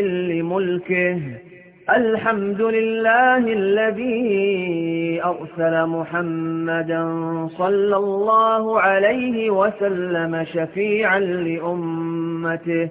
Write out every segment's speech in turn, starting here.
لملكه الحمد لله الذي أرسل محمدا صلى الله عليه وسلم شفيعا لأمته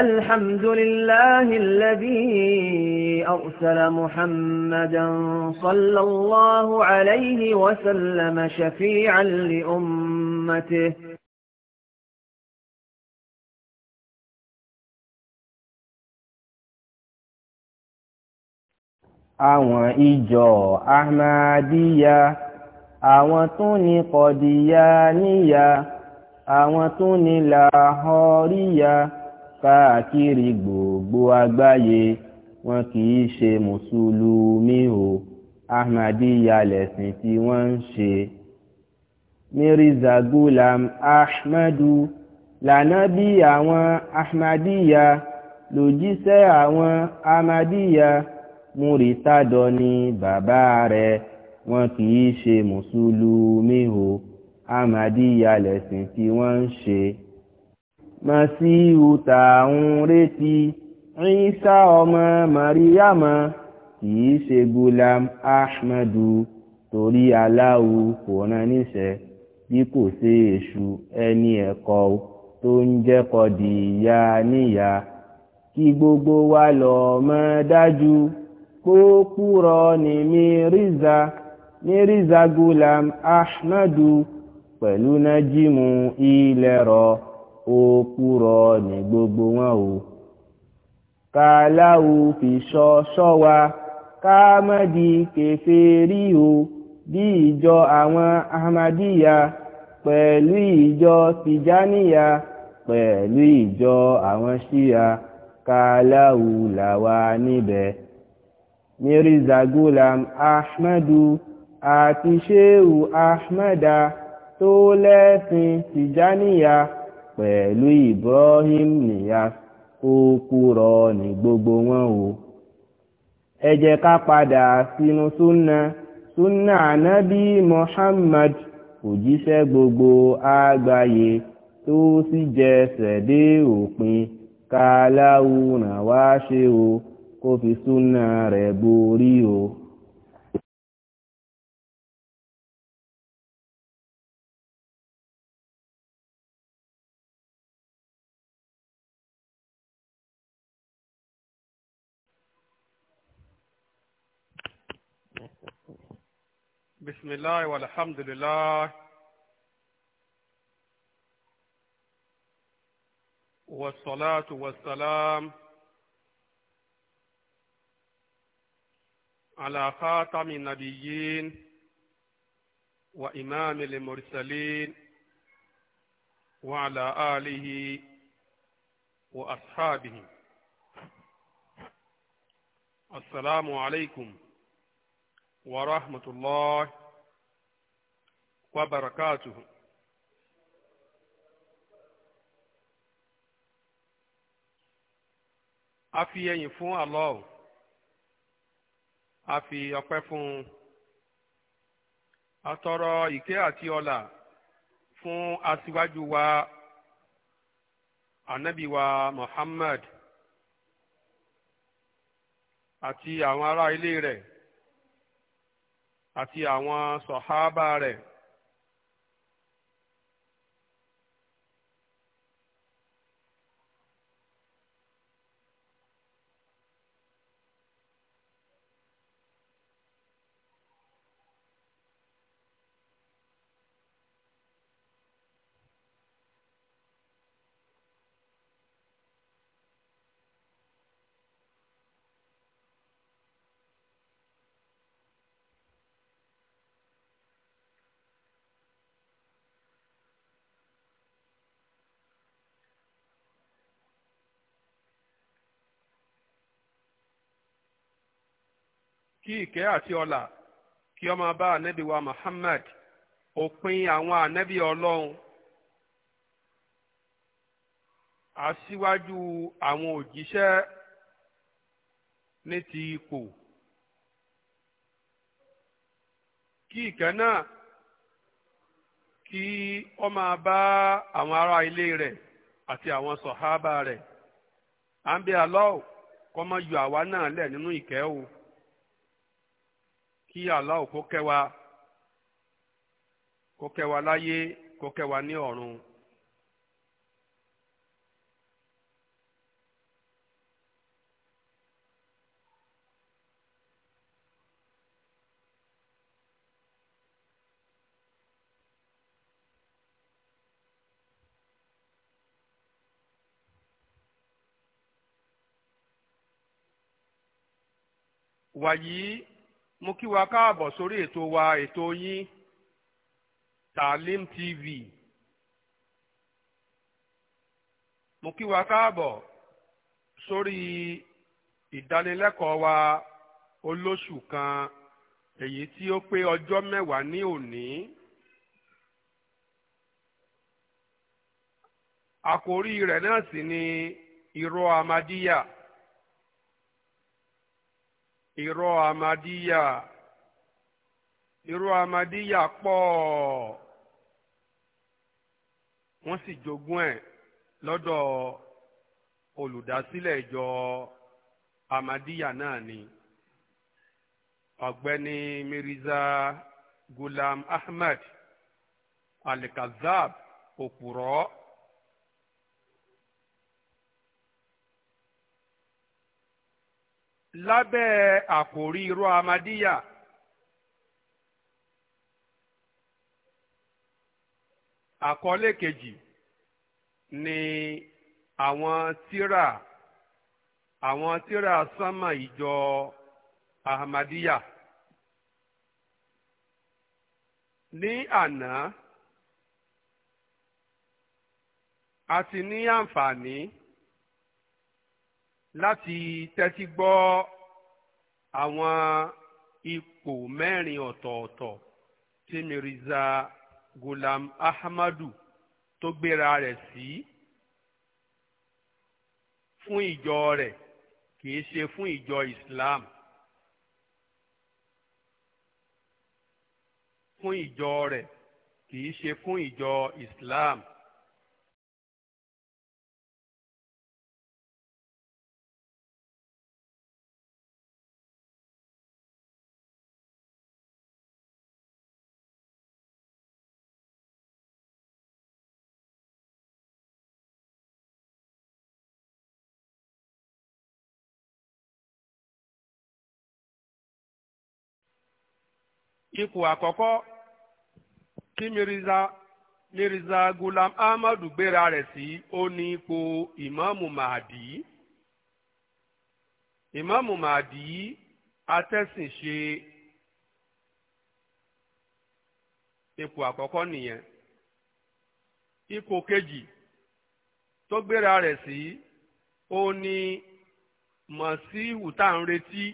الحمد لله الذي أرسل محمدا صلى الله عليه وسلم شفيعا لأمته àwọn ìjọ ahmadiyya àwọn tó ní kọdíyà níyà àwọn tó ní làhọríyà káàkiri gbogbo àgbáyé wọn kì í ṣe mùsùlùmí o ahmadiyya lẹ̀sìn tí wọ́n ń ṣe. mirza gulam ahmadu lànábì àwọn ahmadiyya lòjíṣẹ́ àwọn ahmadiyya múritádọ́ ni bàbá rẹ̀ wọn kì í ṣe mùsùlùmí o ahmadiyya lẹ̀sìn tí wọ́n ń ṣe màsíhù tá à ń retí Ìsá ọmọ Màríyàmá kì ṣe Gulam Ahmadu torí aláwo kò rán níṣẹ́ bí kò ṣe èṣù ẹni ẹ̀kọ́ tó ń jẹ́kọ̀ di ìyá níyà kí gbogbo wa lọ mọ̀ dájú kó kúrọ ní Mírízà Mírízà Gulam Ahmadu pẹ̀lú nájímù ilẹ̀ rọ̀ òpùrọ́ ní gbogbo wọn o kàláwù fi sọ sọ wa káàmọ́dì kèfèrí o bí ìjọ àwọn ahmadíyà pẹ̀lú ìjọ tìjáníyà pẹ̀lú ìjọ àwọn ṣíyà kàláwù làwa níbẹ̀ mirza gulam ahmadu àti sheu ahmada tó lẹ́sìn tìjáníyà. pẹ̀lú Ibrahim Niyas ó kúrọ ní gbogbo wọn o ẹ jẹ́ ká padà sínú súnà súnà ànábì Muhammad òjíṣẹ́ gbogbo àgbáyé tó sì jẹsẹ̀ dé òpin ká wá o kó fi súnà rẹ̀ borí o. بسم الله والحمد لله والصلاة والسلام على خاتم النبيين وإمام المرسلين وعلى آله وأصحابه السلام عليكم ورحمة الله وبركاته a fi fun fún Allah a fi ọpẹ́ fun un a tọrọ ìkẹ́ àti ọlà fún aṣíwájú wa anabi wa Muhammad àti àwọn ara ile rẹ̀. àti àwọn sọ̀hábà rẹ̀ kí ìkẹ́ àti ọlà kí ọ ma bá ànábì wa Muhammad òpin àwọn ànábì ọlọ́run aṣíwájú àwọn òjíṣẹ́ ní ti ipò kí ìkẹ́ náà kí ó máa bá àwọn ará ilé rẹ̀ àti àwọn sọ̀hábà rẹ̀ à ń bẹ Allah kó má yọ àwa náà lẹ̀ nínú ìkẹ́ o. kí aláwò kó kẹwa kó kẹwa láyé kó kẹwa ní ọ̀run. wàyí mo kí wa káàbọ̀ sórí ètò wa ètò yín Taalim TV mo kí wa káàbọ̀ sórí ìdánilẹ́kọ̀ọ́ wa olóṣù kan èyí tí ó pé ọjọ́ mẹ́wàá ní òní. àkòrí rẹ̀ náà sì ni irọ́ amadíyà irọ́ amadíyà irọ́ amadíyà pọ̀ wọ́n sì jogún ẹ̀ lọ́dọ̀ olùdásílẹ̀ ìjọ amadíyà náà ni ọ̀gbẹ́ni mirza gulam ahmed alikazab òpùrọ́. lábẹ́ àkòrí irọ́ amadíyà àkọọ́lẹ̀ kejì ni àwọn tíra àwọn tírà sánmà ìjọ Ahmadiyya, ní àná àti ní àǹfààní. láti tẹ́tí gbọ́ àwọn ipò mẹ́rin ọ̀tọ̀ọ̀tọ̀ tí Mirza Gulam Ahmadu tó gbéra rẹ̀ sí fún ìjọ rẹ̀ kìí ṣe fún ìjọ Islam fún ìjọ rẹ̀ kìí ṣe fún ìjọ Islam. ipò àkọ́kọ́ tí mirza mirza gulam ahmadu gbéra rẹ̀ sí ó ní ipò ìmáàmù mahadi ìmáàmù mahadi atẹ́sìnṣe ipò àkọ́kọ́ nìyẹn ipò kejì tó gbéra rẹ̀ sí ó ní mọ̀síhù tá à ń retí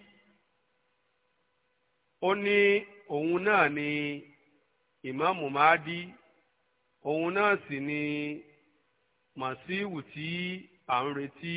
ó ní. òun náà ni ìmáàmù Mahdi òun náà sì ni màsíwù tí à ń retí.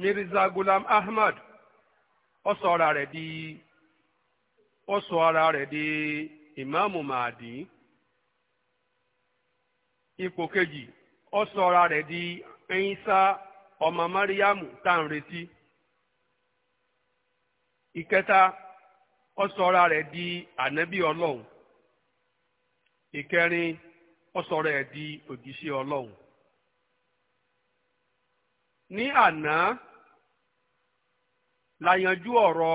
mirza gulam ahmad ó sọ ara rẹ̀ di ó sọ ara rẹ̀ di ìmáàmù mahadi ipò kejì ó sọ ara rẹ̀ di ẹ̀yìnsá ọmọ mariamu tá à retí ìkẹta ó sọ ara rẹ̀ di anabi ọlọ́run ìkẹrin ó sọ ara rẹ̀ di òjíṣẹ́ ọlọ́run ní àná la yanjú ọ̀rọ̀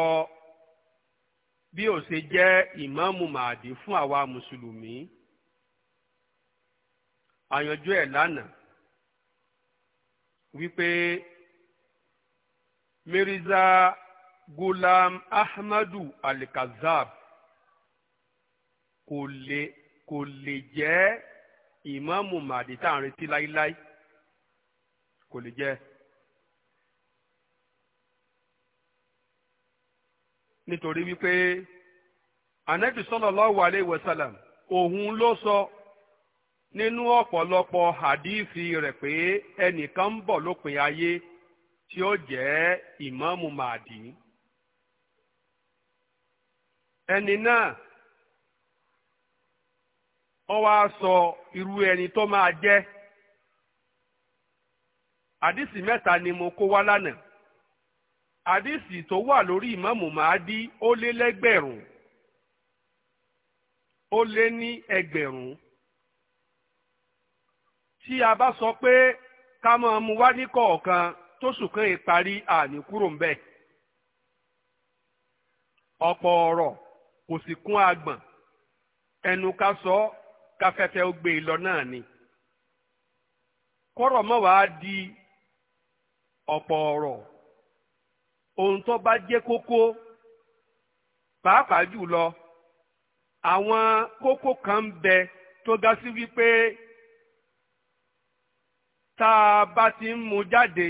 bí ó ṣe jẹ́ ìmáàmù màdí fún àwa mùsùlùmí àyànjú ẹ̀ lánàá wípé Mirza Gulam Ahmadu Al-Kazab kò lè kò lè jẹ́ ìmáàmù màdí tá à ń retí láíláí kò lè jẹ́ nítorí wípé anabi sallallahu alayhi wa sallam òun ló sọ nínú ọ̀pọ̀lọpọ̀ hadithi rẹ̀ pé ẹnìkan ń bọ̀ lópin ayé tí ó jẹ́ ìmáàmù màdì ẹni náà ọ wá sọ irú ẹni tó máa jẹ́ àdìsí mẹ́ta ni mo kó wá lánàá àdìsí tó wà lórí ìmáàmù Mahdi ó lé lẹ́gbẹ̀rún ó lé ní ẹgbẹ̀rún tí a bá sọ pé ká máa mú wá ní kọ̀ọ̀kan tó sùkán ìparí àní kúrò ń bẹ̀ ọ̀pọ̀ ọ̀rọ̀ kò sì kún agbọ̀n ẹnu ká sọ ká fẹ́fẹ́ ó gbé e lọ náà ni kọ́rọ̀ mọ́ di ọ̀pọ̀ ọ̀rọ̀ ohun tó bá jẹ́ kókó pàápàá jùlọ àwọn kókó kan ń bẹ tó ga sí wípé tá a bá ti ń mu jáde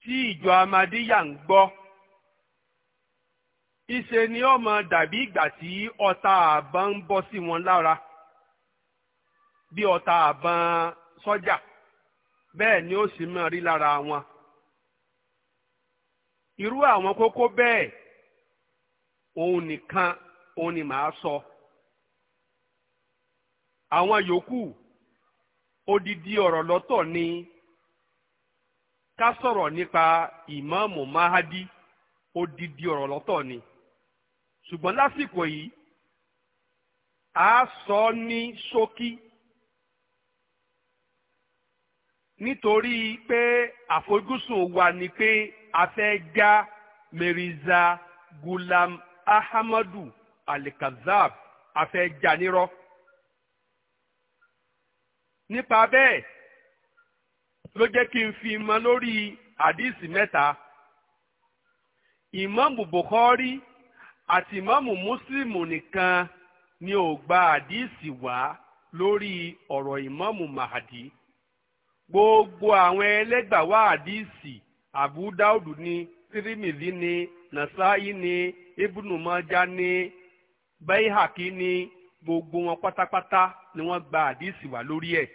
tí ìjọ amadíyà ń gbọ́ ìṣe ni ọmọ dàbí ìgbà tí ọta àbọn ń bọ́ sí wọn lára bí ọta àbọn sọ́jà bẹ́ẹ̀ ni ó sì máa rí lára wọn. irú àwọn kókó bẹ́ẹ̀ òun nìkan òun ni màá sọ àwọn yòókù odidi ọ̀rọ̀ lọ́tọ̀ ni ká sọ̀rọ̀ nípa ìmáàmù Mahadi odidi ọ̀rọ̀ lọ́tọ̀ ni ṣùgbọ́n lásìkò yìí a sọ ní ṣókí. So nítorí pé àfojúsùn wa ni pé a fẹ́ já Mirza Gulam Ahmadu alikazab kazab a fẹ́ já nírọ́. nípa bẹ́ẹ̀ ló jẹ́ kí n fi mọ lórí àdíìsì mẹ́ta Ìmáàmù Bukhari àti Ìmáàmù Muslimu nìkan ni ò gba àdíìsì wá lórí ọ̀rọ̀ Ìmáàmù Mahadi. gbogbo àwọn ẹlẹ́gbàwá abu àbúdáùdù ni tírímìlì ni nàṣáyí ni ibùnùmọ́já ni bẹ́hàkí ni gbogbo wọn pátápátá ni wọ́n gba àdìsí wa lórí ẹ̀.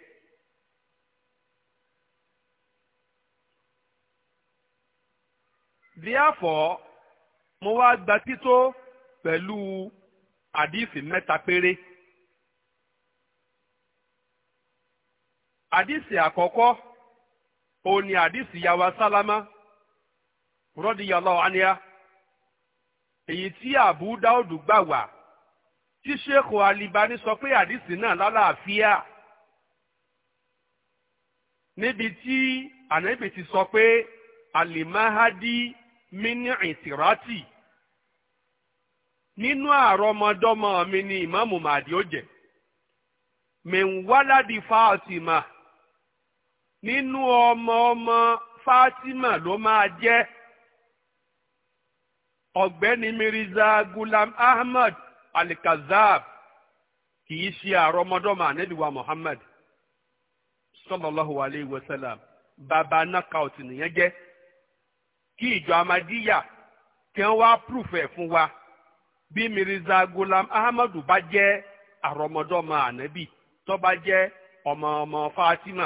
therefore mo wá gba tító pẹ̀lú àdìsí mẹ́ta péré. Àdísì àkọ́kọ́ òun ni àdìsí yàwá sálámà rọ́dìyàlá àníyá èyí tí àbú dáòdù gbà wá tí sèkò alibani sọ pé àdìsí náà lálàáfíà níbi tí ànábì ti sọ pé alimahadi mini nínú àrọmọdọ́mọ mi ni ìmáàmù màdì nínú ọmọ ọmọ Fatima ló máa jẹ́ ọ̀gbẹ́ni Mirza Gulam Ahmad Al-Kazab kì í ṣe àrọ́mọdọ́mọ ànẹ́bíwá Muhammad sallallahu alayhi wa sallam bàbá knockout nìyẹn jẹ́ kí ìjọ Ahmadiyya kí wọ́n wá proof ẹ̀ fún wa bí Mirza Gulam Ahmad bá jẹ́ àrọ́mọdọ́mọ ànẹ́bí tó bá jẹ́ ọmọ ọmọ Fatima.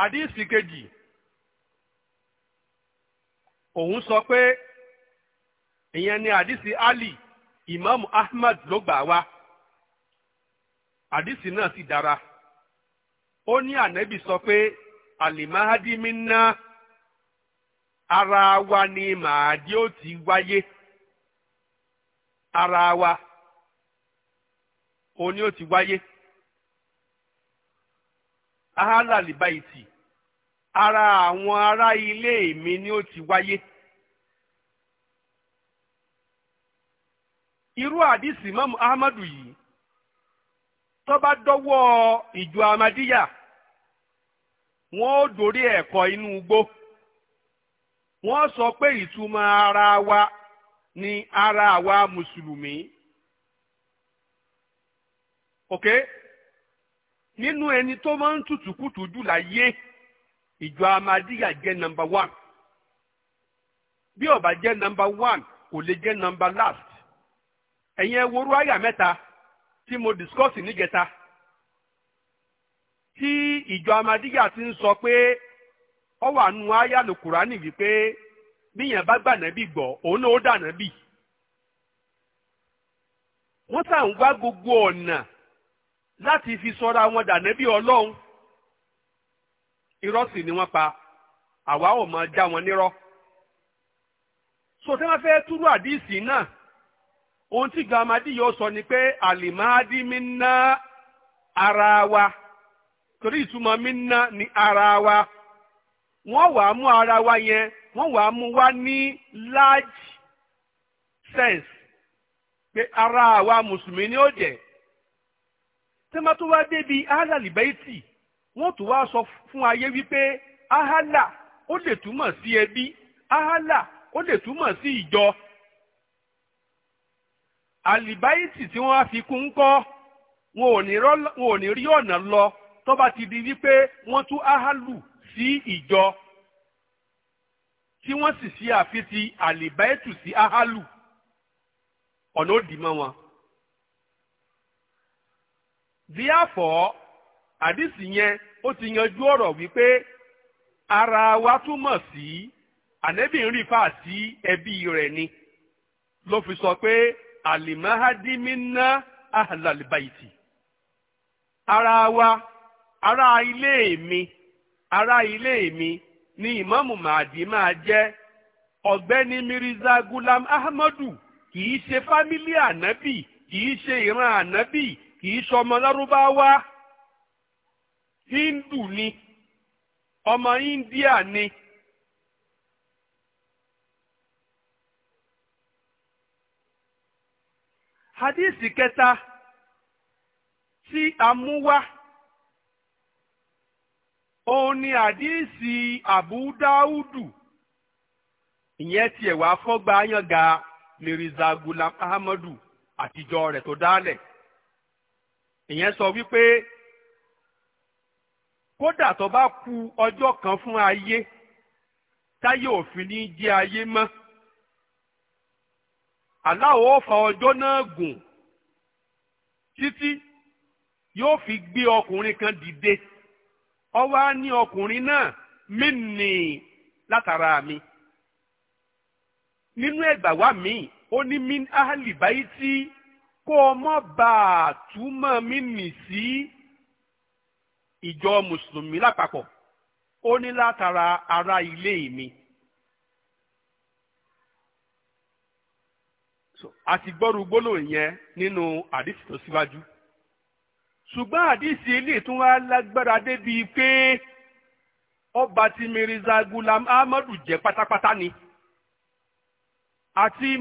àdíìsì kejì òun sọ pé ìyẹn ni àdíìsì ali imam ahmad ló gbà wá àdíìsì náà sì dára ó ní ànẹ́bì sọ pé alimahadi minna ara wa ni màádìí ó ti wáyé ara wa òun ni ó ti wáyé. ahala libaiti ara àwọn ará ilé mi ni ó ti wáyé. irú àdìsí mọ́mú ahmadu yìí tó bá dọ́wọ́ ìjọ amadíyà wọ́n ó dorí ẹ̀kọ́ inú igbó wọ́n sọ pé ìtumọ̀ ara wa ni ara wa mùsùlùmí. Okay? nínú ẹni tó máa ń tutù kùtù jù láyé ìjọ amadíyà jẹ́ nọ́mbà one bí ọba bá jẹ́ nọ́mbà one kò lè jẹ́ nọ́mbà last ẹ̀yin ẹ worú àyà mẹ́ta tí mo discuss níjẹta tí ìjọ amadíyà ti ń sọ pé ó wà nù àyà lùkùránì pé bíyàn bá gbà nàbí gbọ́ òun náà ó dà nàbí wọ́n sàn wá gbogbo ọ̀nà láti fi sọra wọn dànẹ́bí ọlọ́run irọ́ sì ni wọ́n pa àwa ò mọ̀ já wọn nírọ́ so tí wọ́n fẹ́ túrú àdìsí náà ohun tí gàmádì yóò sọ ni pé àlìmáàdì mi ná ara wa torí ìtumọ̀ mi ná ni ara wa wọ́n wàá mú ara wa yẹn wọ́n wàá mú wa ní large sense pé ara wa mùsùlùmí ni ó jẹ́ tí wọ́n tó wá débi ahala libaiti wọ́n tó wá sọ fún ayé wípé ahala ó lè túmọ̀ sí ẹbí ahala ó lè túmọ̀ sí ìjọ àlìbáyìtì tí wọ́n á fi kún kọ́ wọn ò ní rí ọ̀nà lọ tó bá ti di wípé wọ́n tún áhálù sí ìjọ tí wọ́n sì ṣe àfitì àlìbáyìtì sí áhálù ọ̀nà òdì mọ́ wọn. afọ adịsị yẹn o ti yanju ọrọ wípé ara wa túmọ̀ sí anabi nri fa fà sí ẹbí ni ló fi sọ pé àlìmáhádìmínà àhàlàlìbáìtì ara wa ara ilé mi ara ilé mi ni ìmáàmù màdì máa jẹ́ ọ̀gbẹ́ni Mirza Gulam Ahmadu kì í ṣe fámílì ànábì kì í ṣe ìran kì í ṣọmọ lárúbáwá hindu ni ọmọ india ni. hadíìsì kẹta tí a mú wá òun ni hadíìsì àbúdáúdù ìyẹn tiẹ̀ wá fọ́gbà yànga miriza gulam ahmadu àtijọ́ rẹ̀ tó dálẹ̀. ìyẹn sọ wípé kódà tó bá ku ọjọ́ kan fún ayé táyé òfin ní jẹ́ ayé mọ́ aláwọ̀ ó fa ọjọ́ náà gùn títí yóò fi gbé ọkùnrin kan dìde ó wá ní ọkùnrin náà mínì látara mi nínú ẹgbàá wa mi ó ní min ahli baiti kó o mọ̀ bá a túmọ̀ mímì sí ìjọ mùsùlùmí lápapọ̀ ó ní látara ara ilé mi. àti gbọ́rú gbólóhùn yẹn nínú àdìsí tó síwájú. ṣùgbọ́n àdìsí ilé tún wá lágbára débi pé ọba ti Mirza Gulam Ahmadu jẹ́ pátápátá ni àti